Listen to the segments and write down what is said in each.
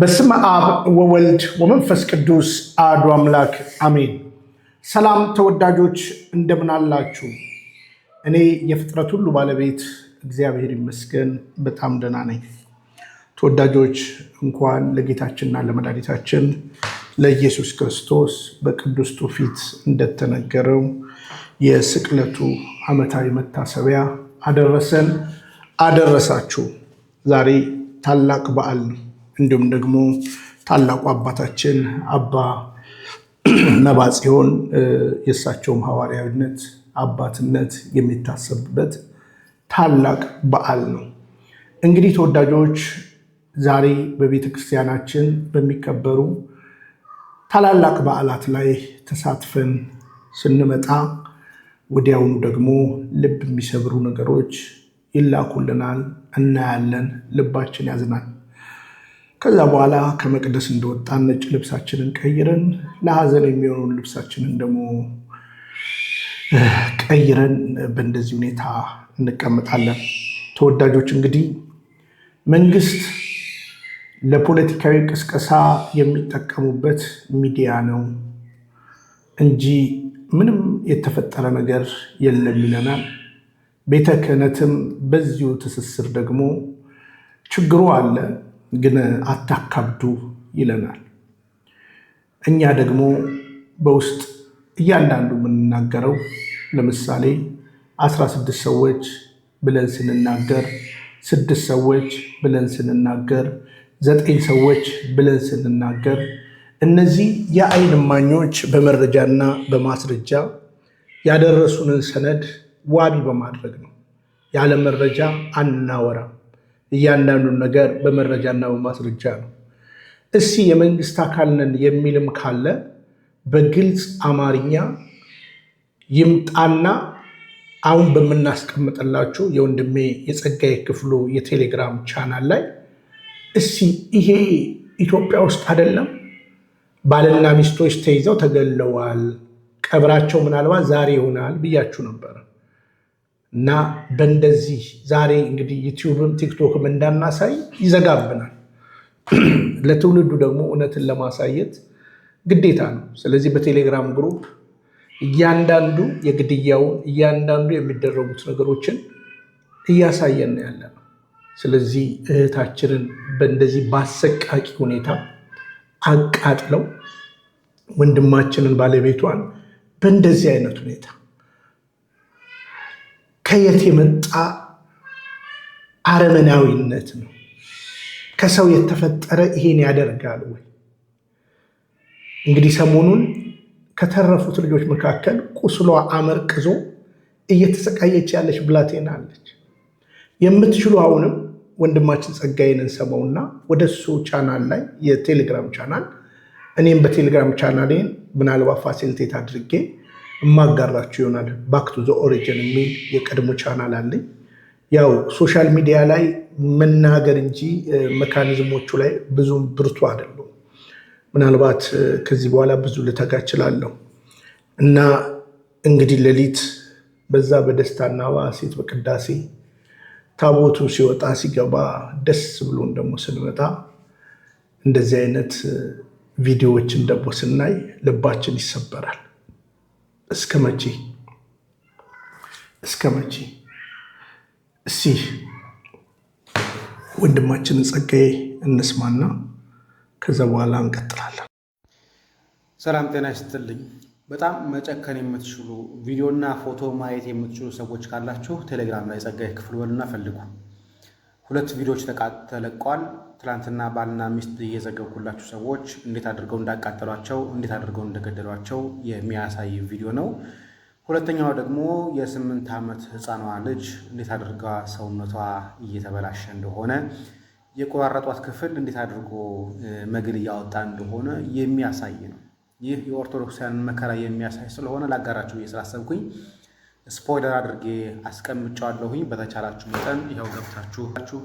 በስመ አብ ወወልድ ወመንፈስ ቅዱስ አሐዱ አምላክ አሜን። ሰላም ተወዳጆች እንደምን አላችሁ? እኔ የፍጥረት ሁሉ ባለቤት እግዚአብሔር ይመስገን በጣም ደህና ነኝ። ተወዳጆች እንኳን ለጌታችንና ለመድኃኒታችን ለኢየሱስ ክርስቶስ በቅዱስ ትውፊት እንደተነገረው የስቅለቱ ዓመታዊ መታሰቢያ አደረሰን አደረሳችሁ። ዛሬ ታላቅ በዓል ነው። እንዲሁም ደግሞ ታላቁ አባታችን አባ ነባ ጽዮን የእሳቸውም ሐዋርያዊነት አባትነት የሚታሰብበት ታላቅ በዓል ነው። እንግዲህ ተወዳጆች ዛሬ በቤተ ክርስቲያናችን በሚከበሩ ታላላቅ በዓላት ላይ ተሳትፈን ስንመጣ ወዲያውኑ ደግሞ ልብ የሚሰብሩ ነገሮች ይላኩልናል፣ እናያለን፣ ልባችን ያዝናል። ከዛ በኋላ ከመቅደስ እንደወጣን ነጭ ልብሳችንን ቀይረን ለሀዘን የሚሆነውን ልብሳችንን ደግሞ ቀይረን በእንደዚህ ሁኔታ እንቀመጣለን። ተወዳጆች እንግዲህ መንግስት ለፖለቲካዊ ቅስቀሳ የሚጠቀሙበት ሚዲያ ነው እንጂ ምንም የተፈጠረ ነገር የለም ይለናል። ቤተ ክህነትም በዚሁ ትስስር ደግሞ ችግሩ አለ። ግን አታካብዱ ይለናል። እኛ ደግሞ በውስጥ እያንዳንዱ የምንናገረው ለምሳሌ አስራ ስድስት ሰዎች ብለን ስንናገር ስድስት ሰዎች ብለን ስንናገር ዘጠኝ ሰዎች ብለን ስንናገር እነዚህ የዓይን እማኞች በመረጃና በማስረጃ ያደረሱንን ሰነድ ዋቢ በማድረግ ነው። ያለ መረጃ አናወራም። እያንዳንዱን ነገር በመረጃና በማስረጃ ነው። እስኪ የመንግስት አካል ነን የሚልም ካለ በግልጽ አማርኛ ይምጣና አሁን በምናስቀምጥላችሁ የወንድሜ የጸጋዬ ክፍሉ የቴሌግራም ቻናል ላይ እስኪ ይሄ ኢትዮጵያ ውስጥ አይደለም ባልና ሚስቶች ተይዘው ተገለዋል፣ ቀብራቸው ምናልባት ዛሬ ይሆናል ብያችሁ ነበር። እና በእንደዚህ ዛሬ እንግዲህ ዩቲዩብም ቲክቶክም እንዳናሳይ ይዘጋብናል። ለትውልዱ ደግሞ እውነትን ለማሳየት ግዴታ ነው። ስለዚህ በቴሌግራም ግሩፕ እያንዳንዱ የግድያውን እያንዳንዱ የሚደረጉት ነገሮችን እያሳየን ያለ ነው። ስለዚህ እህታችንን በእንደዚህ በአሰቃቂ ሁኔታ አቃጥለው ወንድማችንን ባለቤቷን በእንደዚህ አይነት ሁኔታ ከየት የመጣ አረመናዊነት ነው? ከሰው የተፈጠረ ይሄን ያደርጋል ወይ? እንግዲህ ሰሞኑን ከተረፉት ልጆች መካከል ቁስሏ አመርቅዞ እየተሰቃየች ያለች ብላቴና አለች። የምትችሉ አሁንም ወንድማችን ጸጋዬንን ሰማውና ወደ እሱ ቻናል ላይ የቴሌግራም ቻናል እኔም በቴሌግራም ቻናሌን ምናልባት ፋሲሊቴት አድርጌ እማጋራችሁ ይሆናል። ባክቱ ዘ ኦሪጅን የሚል የቀድሞ ቻናል አለኝ። ያው ሶሻል ሚዲያ ላይ መናገር እንጂ መካኒዝሞቹ ላይ ብዙም ብርቱ አይደሉም። ምናልባት ከዚህ በኋላ ብዙ ልተጋ እችላለሁ እና እንግዲህ ሌሊት በዛ በደስታና በሐሴት በቅዳሴ ታቦቱ ሲወጣ ሲገባ ደስ ብሎን ደግሞ ስንመጣ እንደዚህ አይነት ቪዲዮዎችን ደግሞ ስናይ ልባችን ይሰበራል። እስከ መቼ እስከ መቼ? እስቲ ወንድማችንን ጸጋዬ እንስማና ከዛ በኋላ እንቀጥላለን። ሰላም ጤና ይስጥልኝ። በጣም መጨከን የምትችሉ ቪዲዮና ፎቶ ማየት የምትችሉ ሰዎች ካላችሁ ቴሌግራም ላይ ጸጋዬ ክፍል በሉና ፈልጉ። ሁለት ቪዲዮዎች ተለቀዋል። ትላንትና ባልና ሚስት እየዘገብኩላችሁ ሰዎች እንዴት አድርገው እንዳቃጠሏቸው እንዴት አድርገው እንደገደሏቸው የሚያሳይ ቪዲዮ ነው። ሁለተኛው ደግሞ የስምንት ዓመት ህፃኗ ልጅ እንዴት አድርጋ ሰውነቷ እየተበላሸ እንደሆነ የቆራረጧት ክፍል እንዴት አድርጎ መግል እያወጣ እንደሆነ የሚያሳይ ነው። ይህ የኦርቶዶክሳውያንን መከራ የሚያሳይ ስለሆነ ላጋራችሁ ስላሰብኩኝ ስፖይለር አድርጌ አስቀምጫዋለሁኝ። በተቻላችሁ መጠን ይኸው ገብታችሁ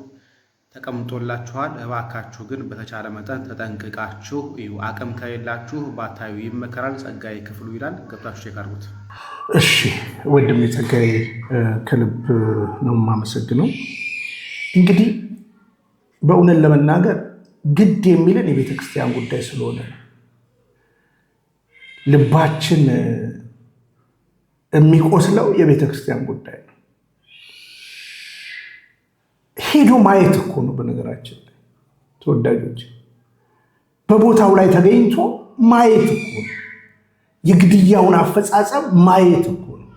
ተቀምጦላችኋል። እባካችሁ ግን በተቻለ መጠን ተጠንቅቃችሁ እዩ። አቅም ከሌላችሁ ባታዩ ይመከራል። ጸጋዬ ክፍሉ ይላል። ገብታችሁ የቀርቡት። እሺ ወንድሜ ጸጋዬ ከልብ ነው የማመሰግነው። እንግዲህ በእውነት ለመናገር ግድ የሚለን የቤተክርስቲያን ጉዳይ ስለሆነ ልባችን የሚቆስለው የቤተ ክርስቲያን ጉዳይ ነው። ሄዶ ማየት እኮ ነው። በነገራችን ላይ ተወዳጆች፣ በቦታው ላይ ተገኝቶ ማየት እኮ ነው። የግድያውን አፈጻጸም ማየት እኮ ነው።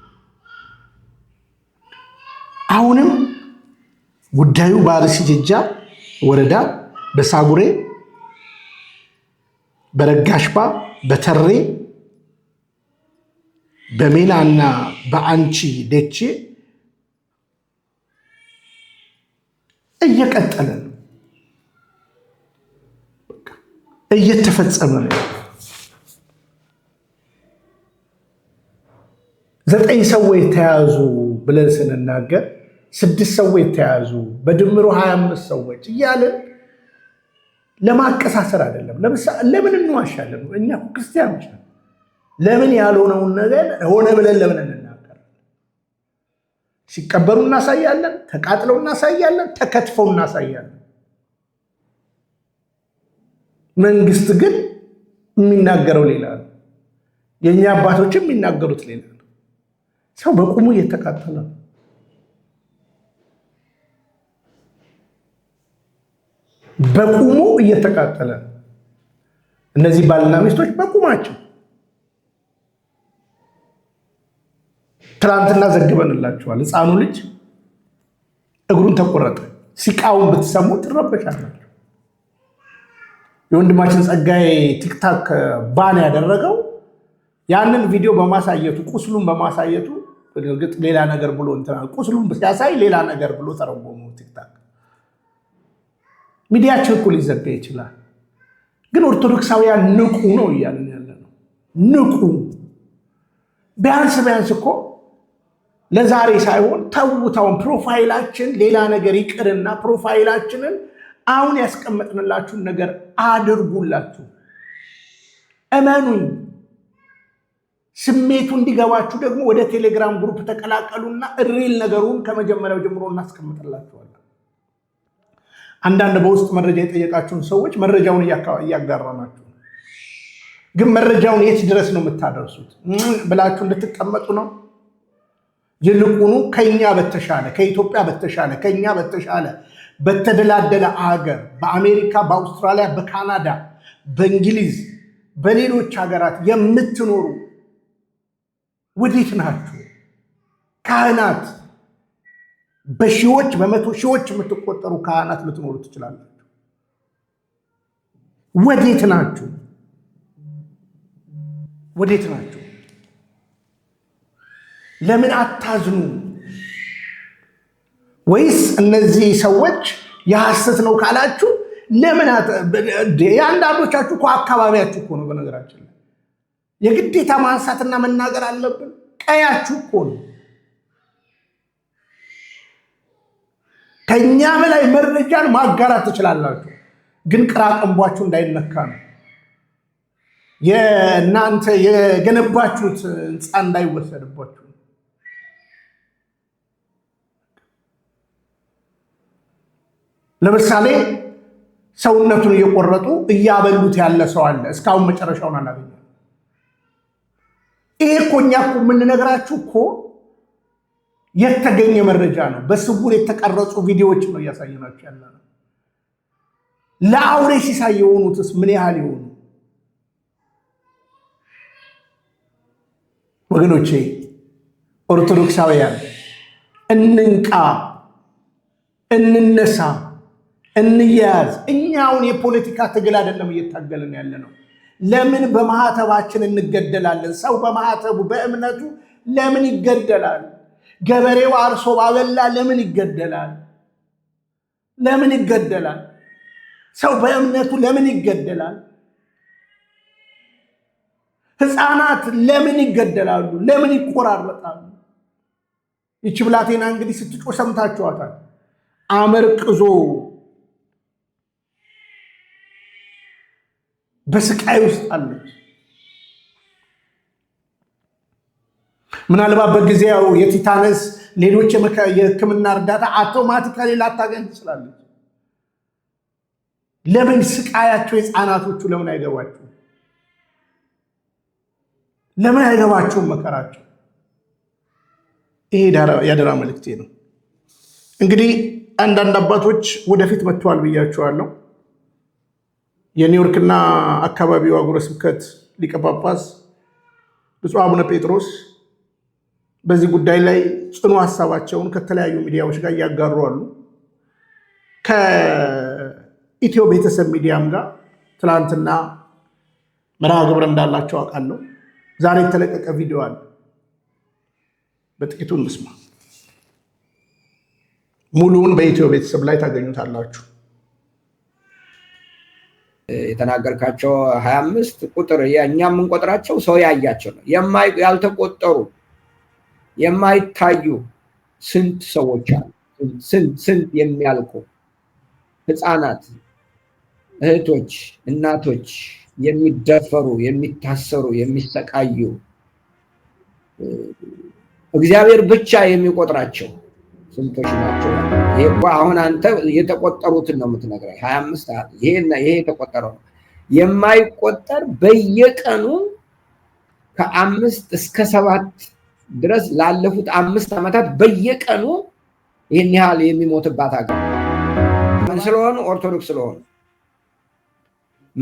አሁንም ጉዳዩ በአርሲ ጅጃ ወረዳ በሳጉሬ በረጋሽባ በተሬ በሜላና በአንቺ ደቼ እየቀጠለ ነው፣ እየተፈጸመ ነው። ዘጠኝ ሰዎች የተያዙ ብለን ስንናገር ስድስት ሰዎች ተያዙ፣ በድምሩ ሀያ አምስት ሰዎች እያለን ለማቀሳሰር አይደለም። ለምን እንዋሻለን? እኛ ክርስቲያኖች ነው። ለምን ያልሆነውን ነገር ሆነ ብለን ለምን እንናገር? ሲቀበሩ እናሳያለን፣ ተቃጥለው እናሳያለን፣ ተከትፈው እናሳያለን። መንግስት ግን የሚናገረው ሌላ ነው። የእኛ አባቶችም የሚናገሩት ሌላ ነው። ሰው በቁሙ እየተቃጠለ ነው። በቁሙ እየተቃጠለ ነው። እነዚህ ባልና ሚስቶች በቁማቸው ትናንትና ዘግበንላችኋል። ህፃኑ ልጅ እግሩን ተቆረጠ። ሲቃውን ብትሰሙ ትረበሻላችሁ። የወንድማችን ጸጋዬ ቲክታክ ባን ያደረገው ያንን ቪዲዮ በማሳየቱ ቁስሉን በማሳየቱ እርግጥ ሌላ ነገር ብሎ ቁስሉን ሲያሳይ ሌላ ነገር ብሎ ተረጎሙ ቲክታክ። ሚዲያችን እኮ ሊዘጋ ይችላል፣ ግን ኦርቶዶክሳውያን ንቁ ነው እያለን ያለ ነው። ንቁ ቢያንስ ቢያንስ እኮ ለዛሬ ሳይሆን ተውታውን ፕሮፋይላችን ሌላ ነገር ይቅርና ፕሮፋይላችንን አሁን ያስቀመጥንላችሁን ነገር አድርጉላችሁ። እመኑኝ። ስሜቱ እንዲገባችሁ ደግሞ ወደ ቴሌግራም ግሩፕ ተቀላቀሉና ሪል ነገሩን ከመጀመሪያው ጀምሮ እናስቀምጥላችኋለን። አንዳንድ በውስጥ መረጃ የጠየቃችሁን ሰዎች መረጃውን እያጋራናችሁ ግን መረጃውን የት ድረስ ነው የምታደርሱት ብላችሁ እንድትቀመጡ ነው። ይልቁኑ ከኛ በተሻለ ከኢትዮጵያ በተሻለ ከኛ በተሻለ በተደላደለ አገር በአሜሪካ፣ በአውስትራሊያ፣ በካናዳ፣ በእንግሊዝ፣ በሌሎች ሀገራት የምትኖሩ ወዴት ናችሁ? ካህናት በሺዎች በመቶ ሺዎች የምትቆጠሩ ካህናት ልትኖሩ ትችላላችሁ። ወዴት ናችሁ? ወዴት ናችሁ? ለምን አታዝኑ? ወይስ እነዚህ ሰዎች የሐሰት ነው ካላችሁ ለምን የአንዳንዶቻችሁ እኮ አካባቢያችሁ እኮ ነው። በነገራችን ላይ የግዴታ ማንሳትና መናገር አለብን። ቀያችሁ እኮ ነው። ከእኛ በላይ መረጃን ማጋራት ትችላላችሁ፣ ግን ቅራቅንቧችሁ እንዳይነካ ነው። የእናንተ የገነባችሁት ህንፃ እንዳይወሰድባችሁ ለምሳሌ ሰውነቱን እየቆረጡ እያበሉት ያለ ሰው አለ። እስካሁን መጨረሻውን አላገኘ። ይሄ እኮ እኛ እኮ የምንነግራችሁ እኮ የተገኘ መረጃ ነው። በስውር የተቀረጹ ቪዲዮዎች ነው እያሳየናችሁ ያለ ነው። ለአውሬ ሲሳይ የሆኑትስ ምን ያህል የሆኑ ወገኖቼ ኦርቶዶክሳውያን እንንቃ፣ እንነሳ። እንያያዝ። እኛውን የፖለቲካ ትግል አይደለም እየታገልን ያለ ነው። ለምን በማህተባችን እንገደላለን? ሰው በማህተቡ በእምነቱ ለምን ይገደላል? ገበሬው አርሶ ባበላ ለምን ይገደላል? ለምን ይገደላል? ሰው በእምነቱ ለምን ይገደላል? ህፃናት ለምን ይገደላሉ? ለምን ይቆራረጣሉ? ይቺ ብላቴና እንግዲህ ስትጮህ ሰምታችኋታል። አመርቅዞ በስቃይ ውስጥ አለች። ምናልባት በጊዜያው የቲታነስ ሌሎች የሕክምና እርዳታ አውቶማቲካሊ ላታገኝ ትችላለች። ለምን ስቃያቸው ህፃናቶቹ ለምን አይገባችሁም? ለምን አይገባችሁም መከራቸው? ይሄ የአደራ መልእክቴ ነው። እንግዲህ አንዳንድ አባቶች ወደፊት መጥተዋል ብያቸዋለሁ። የኒውዮርክና አካባቢው አህጉረ ስብከት ሊቀ ጳጳስ ብፁዕ አቡነ ጴጥሮስ በዚህ ጉዳይ ላይ ጽኑ ሀሳባቸውን ከተለያዩ ሚዲያዎች ጋር እያጋሩ አሉ። ከኢትዮ ቤተሰብ ሚዲያም ጋር ትናንትና መርሃ ግብር እንዳላቸው አውቃለሁ። ዛሬ የተለቀቀ ቪዲዮ አለ። በጥቂቱ እንስማ። ሙሉውን በኢትዮ ቤተሰብ ላይ ታገኙታላችሁ። የተናገርካቸው ሀያ አምስት ቁጥር እኛ የምንቆጥራቸው ሰው ያያቸው ነው። ያልተቆጠሩ የማይታዩ ስንት ሰዎች አሉ። ስንት ስንት የሚያልቁ ህፃናት፣ እህቶች፣ እናቶች የሚደፈሩ የሚታሰሩ፣ የሚሰቃዩ እግዚአብሔር ብቻ የሚቆጥራቸው ስንቶች ናቸው? ይሄ እኮ አሁን አንተ የተቆጠሩትን ነው የምትነግረኝ። ሀያ አምስት ይሄና ይሄ የተቆጠረው ነው የማይቆጠር በየቀኑ ከአምስት እስከ ሰባት ድረስ ላለፉት አምስት ዓመታት በየቀኑ ይህን ያህል የሚሞትባት ሀገር ምን ስለሆኑ ኦርቶዶክስ ስለሆኑ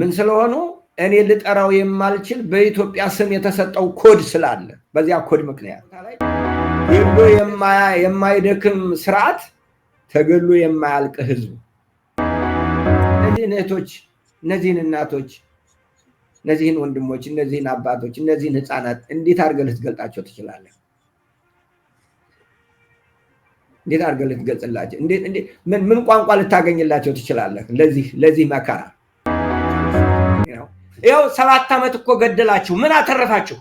ምን ስለሆኑ እኔ ልጠራው የማልችል በኢትዮጵያ ስም የተሰጠው ኮድ ስላለ በዚያ ኮድ ምክንያት ገድሎ የማይደክም ስርዓት፣ ተገሎ የማያልቅ ህዝብ። እነዚህን እህቶች፣ እነዚህን እናቶች፣ እነዚህን ወንድሞች፣ እነዚህን አባቶች፣ እነዚህን ህፃናት እንዴት አድርገህ ልትገልጣቸው ትችላለህ? እንዴት አድርገህ ልትገልጽላቸው ምን ቋንቋ ልታገኝላቸው ትችላለህ? ለዚህ ለዚህ መከራ ይኸው ሰባት ዓመት እኮ ገደላችሁ፣ ምን አተረፋችሁ?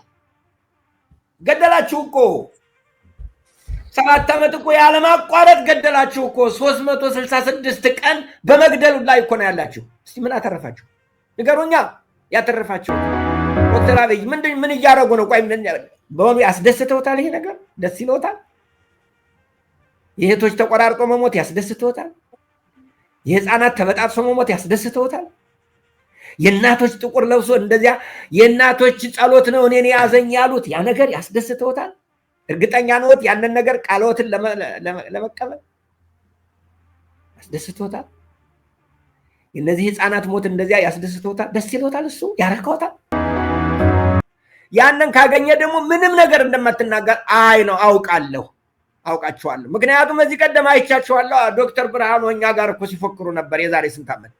ገደላችሁ እኮ ሰባት ዓመት እኮ ያለማቋረጥ ገደላችሁ እኮ ሶስት መቶ ስልሳ ስድስት ቀን በመግደሉ ላይ እኮ ነው ያላችሁ። እስቲ ምን አተረፋችሁ ንገሩኛ። ያተረፋችሁ ዶክተር አብይ ምን እያደረጉ ነው? ቆይ በሆኑ ያስደስተውታል? ይሄ ነገር ደስ ይለውታል? የእህቶች ተቆራርጦ መሞት ያስደስተውታል? የህፃናት ተበጣጥሶ መሞት ያስደስተውታል? የእናቶች ጥቁር ለብሶ እንደዚያ የእናቶች ጸሎት ነው እኔን ያዘኝ ያሉት ያ ነገር ያስደስተውታል? እርግጠኛ ነዎት? ያንን ነገር ቃልዎትን ለመቀበል ያስደስቶታል። የእነዚህ ህፃናት ሞት እንደዚያ ያስደስቶታል፣ ደስ ይሎታል፣ እሱ ያረካዎታል። ያንን ካገኘ ደግሞ ምንም ነገር እንደማትናገር አይ ነው አውቃለሁ፣ አውቃችኋለሁ። ምክንያቱም እዚህ ቀደም አይቻችኋለሁ። ዶክተር ብርሃኑ እኛ ጋር እኮ ሲፎክሩ ነበር የዛሬ ስንት ዓመት።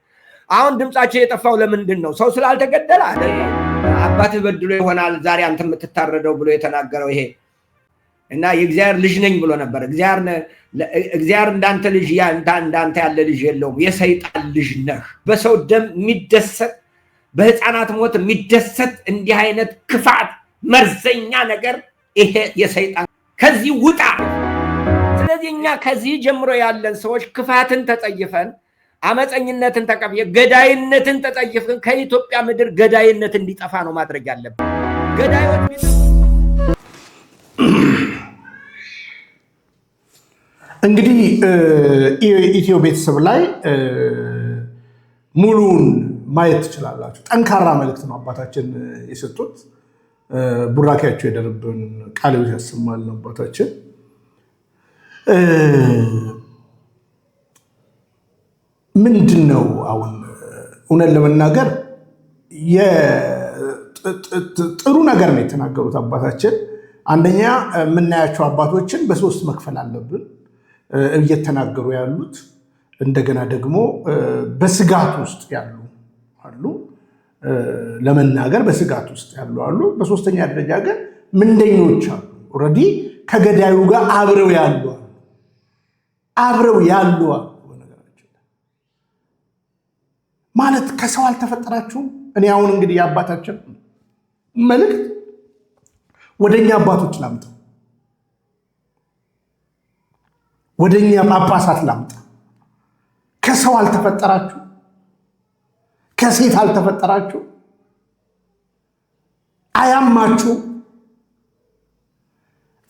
አሁን ድምፃቸው የጠፋው ለምንድን ነው? ሰው ስላልተገደለ አለ። አባትህ በድሎ ይሆናል ዛሬ አንተ የምትታረደው ብሎ የተናገረው ይሄ እና የእግዚአብሔር ልጅ ነኝ ብሎ ነበር። እግዚአብሔር እንዳንተ ልጅ እንዳንተ ያለ ልጅ የለውም፣ የሰይጣን ልጅ ነህ። በሰው ደም የሚደሰት በህፃናት ሞት የሚደሰት እንዲህ አይነት ክፋት፣ መርዘኛ ነገር ይሄ የሰይጣን ከዚህ ውጣ። ስለዚህ እኛ ከዚህ ጀምሮ ያለን ሰዎች ክፋትን ተጸይፈን አመፀኝነትን ተቀፍ ገዳይነትን ተጸይፈን ከኢትዮጵያ ምድር ገዳይነት እንዲጠፋ ነው ማድረግ ያለብን ገዳዮች እንግዲህ ኢትዮ ቤተሰብ ላይ ሙሉውን ማየት ትችላላችሁ። ጠንካራ መልእክት ነው አባታችን የሰጡት። ቡራኪያቸው የደረብን ቃሌዎች ያሰማል ነው አባታችን። ምንድን ነው አሁን እውነት ለመናገር ጥሩ ነገር ነው የተናገሩት አባታችን። አንደኛ የምናያቸው አባቶችን በሶስት መክፈል አለብን። እየተናገሩ ያሉት። እንደገና ደግሞ በስጋት ውስጥ ያሉ አሉ፣ ለመናገር በስጋት ውስጥ ያሉ አሉ። በሶስተኛ ደረጃ ግን ምንደኞች አሉ፣ ኦልሬዲ ከገዳዩ ጋር አብረው ያሉ አብረው ያሉ ማለት ከሰው አልተፈጠራችሁም። እኔ አሁን እንግዲህ የአባታችን መልእክት ወደ እኛ አባቶች ላምጠው ወደ እኛ ጳጳሳት ላምጣ። ከሰው አልተፈጠራችሁ፣ ከሴት አልተፈጠራችሁ፣ አያማችሁ፣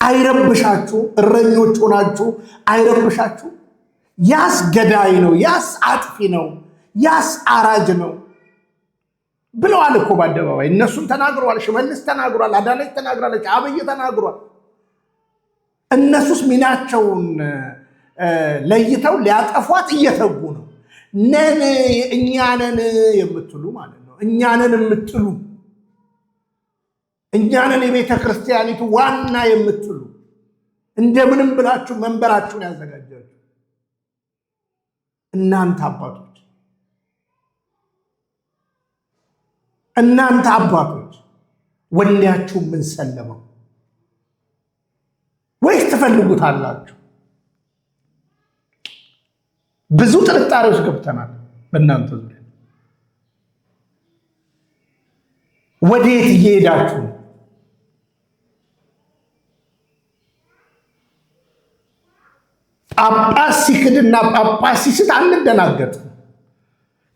አይረብሻችሁ፣ እረኞች ሆናችሁ አይረብሻችሁ። ያስ ገዳይ ነው፣ ያስ አጥፊ ነው፣ ያስ አራጅ ነው ብለዋል እኮ በአደባባይ እነሱም ተናግረዋል። ሽመልስ ተናግሯል። አዳነች ተናግራለች። አብይ ተናግሯል። እነሱስ ሚናቸውን ለይተው ሊያጠፏት እየተጉ ነው። ነን እኛንን የምትሉ ማለት ነው። እኛንን የምትሉ እኛንን የቤተ ክርስቲያኒቱ ዋና የምትሉ እንደምንም ብላችሁ መንበራችሁን ያዘጋጃችሁ እናንተ አባቶች እናንተ አባቶች ወኔያችሁ ምን ሰለመው? ትፈልጉታላችሁ። ብዙ ጥርጣሬዎች ገብተናል በእናንተ ዙሪያ። ወዴት እየሄዳችሁ ነው? ጳጳስ ሲክድና ጳጳስ ሲስት አንደናገጥ፣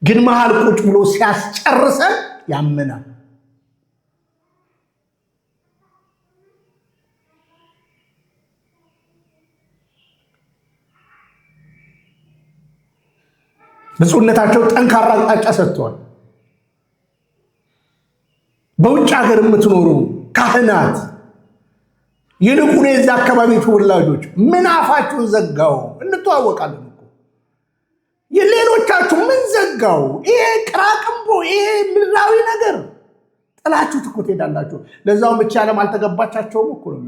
ግን መሃል ቁጭ ብሎ ሲያስጨርሰን ያምናል። ብፁዕነታቸው ጠንካራ አቅጣጫ ሰጥተዋል። በውጭ ሀገር የምትኖሩ ካህናት ይልቁን የዛ አካባቢ ተወላጆች ምን አፋችሁን ዘጋው? እንተዋወቃለን እኮ የሌሎቻችሁ ምን ዘጋው? ይሄ ቅራቅንቦ ይሄ ምድራዊ ነገር ጥላችሁ እኮ ትሄዳላችሁ። ለዛው ብቻ ዓለም አልተገባቻቸውም እኮ ነው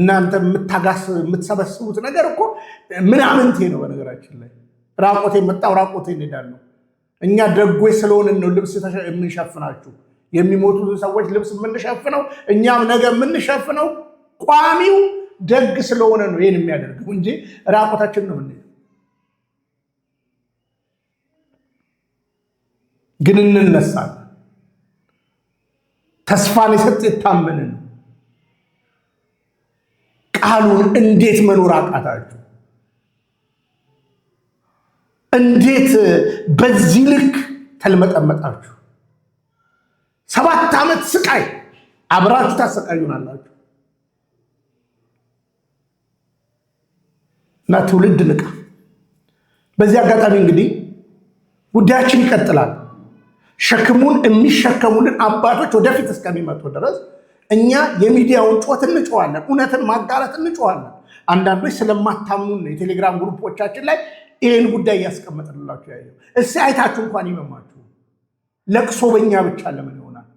እናንተ የምታጋስ የምትሰበስቡት ነገር እኮ ምናምንቴ ነው በነገራችን ላይ ራቆቴ ራቆት ራቆቴ እንሄዳለሁ። እኛ ደጎች ስለሆንን ነው ልብስ የምንሸፍናችሁ። የሚሞቱ ሰዎች ልብስ የምንሸፍነው እኛም ነገ የምንሸፍነው ቋሚው ደግ ስለሆነ ነው ይህን የሚያደርገው እንጂ ራቆታችን ነው የምንሄደው። ግን እንነሳለን። ተስፋን የሰጥ የታመንን ቃሉን እንዴት መኖር አቃታችሁ? እንዴት በዚህ ልክ ተልመጠመጣችሁ? ሰባት ዓመት ስቃይ አብራችሁ ታሰቃዩናላችሁ። እና ትውልድ ንቃ። በዚህ አጋጣሚ እንግዲህ ጉዳያችን ይቀጥላል። ሸክሙን የሚሸከሙልን አባቶች ወደፊት እስከሚመጡ ድረስ እኛ የሚዲያውን ጮት እንጮዋለን፣ እውነትን ማጋራት እንጮዋለን። አንዳንዶች ስለማታምኑን የቴሌግራም ግሩፖቻችን ላይ ይህን ጉዳይ እያስቀመጥንላችሁ ያየው እስ አይታችሁ እንኳን ይመማችሁ። ለቅሶ በኛ ብቻ ለምን ይሆናል?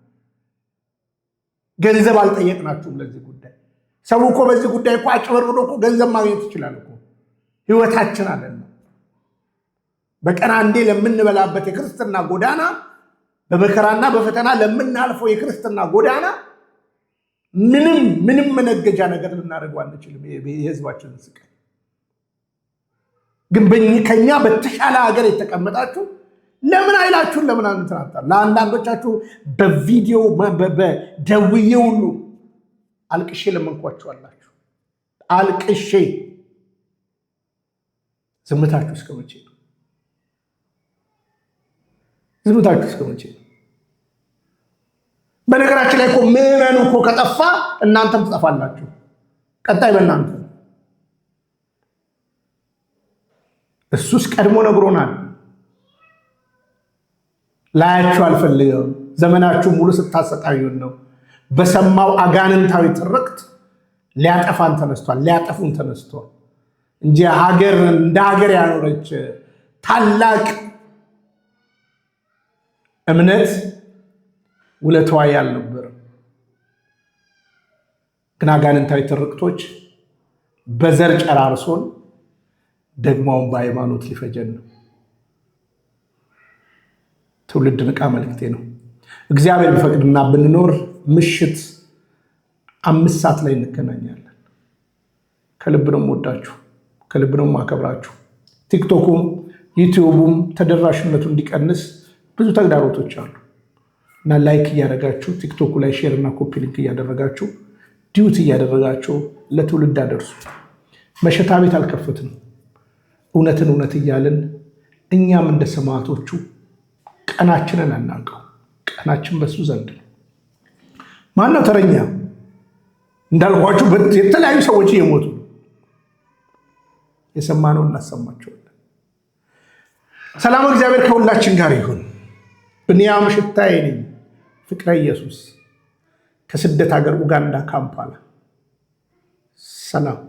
ገንዘብ አልጠየቅናችሁም ለዚህ ጉዳይ። ሰው እኮ በዚህ ጉዳይ እኮ አጭበርብሮ እኮ ገንዘብ ማግኘት ይችላል እኮ ህይወታችን አለን። በቀን አንዴ ለምንበላበት የክርስትና ጎዳና፣ በመከራና በፈተና ለምናልፈው የክርስትና ጎዳና ምንም ምንም መነገጃ ነገር ልናደርገው አንችልም የህዝባችንን ስቃይ ግን ከኛ በተሻለ ሀገር የተቀመጣችሁ ለምን አይላችሁን? ለምን አንትናታ ለአንዳንዶቻችሁ በቪዲዮ በደውዬ ሁሉ አልቅሼ ለመንኳችኋላችሁ። አልቅሼ ዝምታችሁ እስከ መቼ ነው? ዝምታችሁ እስከ መቼ ነው? በነገራችን ላይ እኮ ምዕመኑ እኮ ከጠፋ እናንተም ትጠፋላችሁ። ቀጣይ በእናንተ እሱስ ቀድሞ ነግሮናል። ላያችሁ አልፈልገም፣ ዘመናችሁ ሙሉ ስታሰቃዩን ነው። በሰማው አጋንንታዊ ትርክት ሊያጠፋን ተነስቷል፣ ሊያጠፉን ተነስቷል እንጂ ሀገር እንደ ሀገር ያኖረች ታላቅ እምነት ውለታዋ ያልነበረ ግን አጋንንታዊ ትርክቶች በዘር ጨራርሶን ደግሞውን በሃይማኖት ሊፈጀን ነው። ትውልድ ንቃ፣ መልእክቴ ነው። እግዚአብሔር ቢፈቅድና ብንኖር ምሽት አምስት ሰዓት ላይ እንገናኛለን። ከልብ ነው ወዳችሁ፣ ከልብ ነው ማከብራችሁ። ቲክቶኩም ዩቲዩቡም ተደራሽነቱ እንዲቀንስ ብዙ ተግዳሮቶች አሉ እና ላይክ እያደረጋችሁ ቲክቶኩ ላይ ሼር እና ኮፒ ሊንክ እያደረጋችሁ ዲዩት እያደረጋችሁ ለትውልድ አደርሱ። መሸታ ቤት አልከፍትም። እውነትን እውነት እያልን እኛም እንደ ሰማዕቶቹ ቀናችንን አናውቀው። ቀናችን በሱ ዘንድ ነው። ማን ነው ተረኛ? እንዳልኳችሁ የተለያዩ ሰዎች እየሞቱ የሰማነው እናሰማቸዋለን። ሰላም እግዚአብሔር ከሁላችን ጋር ይሁን። ብንያም ሽታዬ ነኝ፣ ፍቅረ ኢየሱስ ከስደት ሀገር ኡጋንዳ ካምፓላ። ሰላም